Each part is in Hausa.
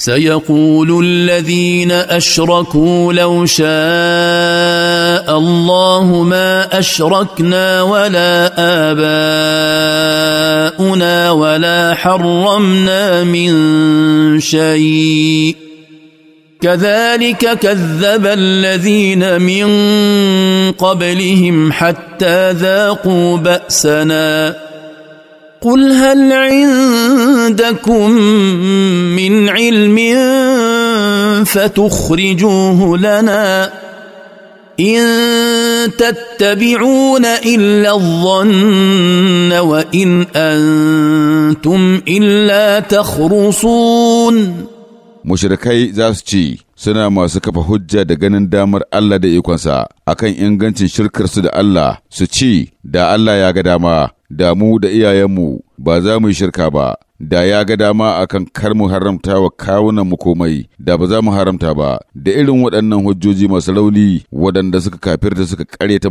سيقول الذين اشركوا لو شاء الله ما اشركنا ولا اباؤنا ولا حرمنا من شيء كذلك كذب الذين من قبلهم حتى ذاقوا باسنا قل هل عند عندكم من علم فتخرجوه لنا ان تتبعون الا الظن وان انتم الا تخرصون mushrikai za su ci suna masu kafa hujja da ganin damar Allah da ikonsa akan ingancin shirkarsu da Allah su ci da Allah ya ga dama da mu da iyayenmu ba za mu yi shirka ba, da ya ga dama akan kar mu haramta wa kawunan mu komai, da ba za mu haramta ba, da irin waɗannan hujjoji masu rauni waɗanda suka kafirta suka ƙaryata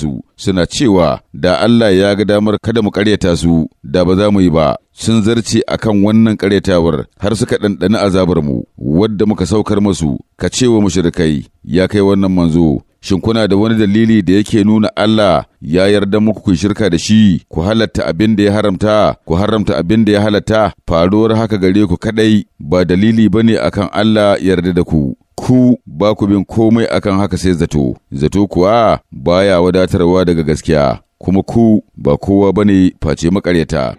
su, suna cewa da Allah ya ga damar kada mu ƙaryata su, da ba za mu yi ba. Sun zarce akan wannan ƙaryatawar har suka ɗanɗani azabar mu, wadda muka saukar masu, ka ce wa mushrikai, ya kai wannan manzo, Shin kuna da wani dalili da yake nuna Allah ya yarda muku ku shirka da shi, ku halatta abin da ya haramta, ku haramta abin da ya halatta, faruwar haka gare ku kadai ba dalili ba ne akan Allah yarda da ku. Ku ba ku bin komai akan haka sai zato, zato kuwa baya wadatarwa daga gaskiya, kuma ku ba kowa bane face makaryata.